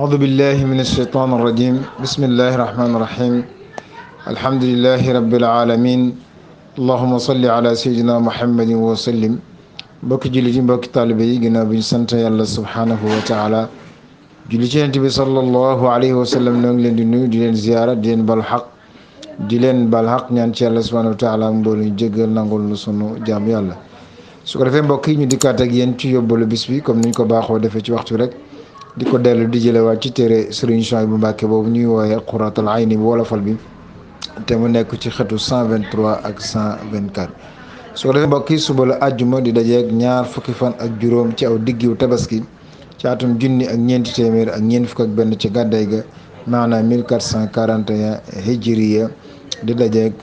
أعوذ بالله من الشيطان الرجيم بسم الله الرحمن الرحيم الحمد لله رب العالمين اللهم صل على سيدنا محمد وسلم بك جلجين بك طالبي جناب سنت يالله سبحانه وتعالى جلجين تبي صلى الله عليه وسلم نغلن دي نوي دي زيارة دي بالحق دي بالحق نيان تي الله سبحانه وتعالى مبولي جيغل نانغول نسونو جام يالله سوكرفين بك ني ديكات اك ين تي يوبول بيسبي كوم نينكو باخو ديفي تي وقتو رك di ko dellu di jëlewaat ci téere Serigne Souhaïbou Mbacké boobu ñuy wooye Qurratul Ayni bu wolofal bi te mu nekk ci xetu 123 ak 124 su ko defee mbokk yi suba la àjjuma di dajeeg ñaar fukki fan ak juróom ci aw diggiw tabaski ci atum ak ñeenti téeméer ak ñeent fukk ak benn ci gàdday ga maanaam 1441 hijriya di dajeeg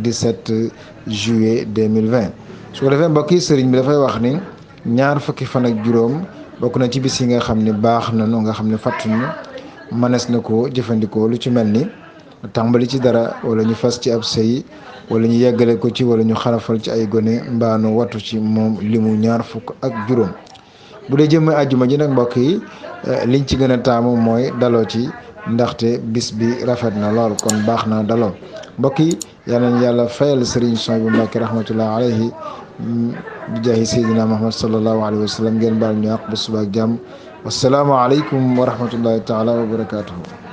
17 euh, juillet 2020 su ko defee mbokk yi sëriñ bi dafay wax ni ñaar fukki fan ak juróom bokk na ci bis yi nga xam ne baax na nu nga xam ne fàttali na mënees na ko jëfandikoo lu ci mel ni tàmbali ci dara wala ñu fas ci ab sëy wala ñu yeggale ko ci wala ñu xarafal ci ay gone mbaanu wattu ci moom limu ñaar fukk ak juróom bu dee jëmee àjjuma ji nag mbokk yi eh, liñ ci gën a taamu mooy daloo ci ndaxte bis bi rafet na lool kon baax na daloo mbokk yi yal nañu yàlla fayal Serigne Souhaïbou Mbacké rahmatullah alayhi bi jaahi sayyidina Muhammad sallallahu alayhi wa sallam ngeen baal ñu àq ba suba ak jàmm wasalaamualeykum wa rahmatullahi taala wa barakaatuhu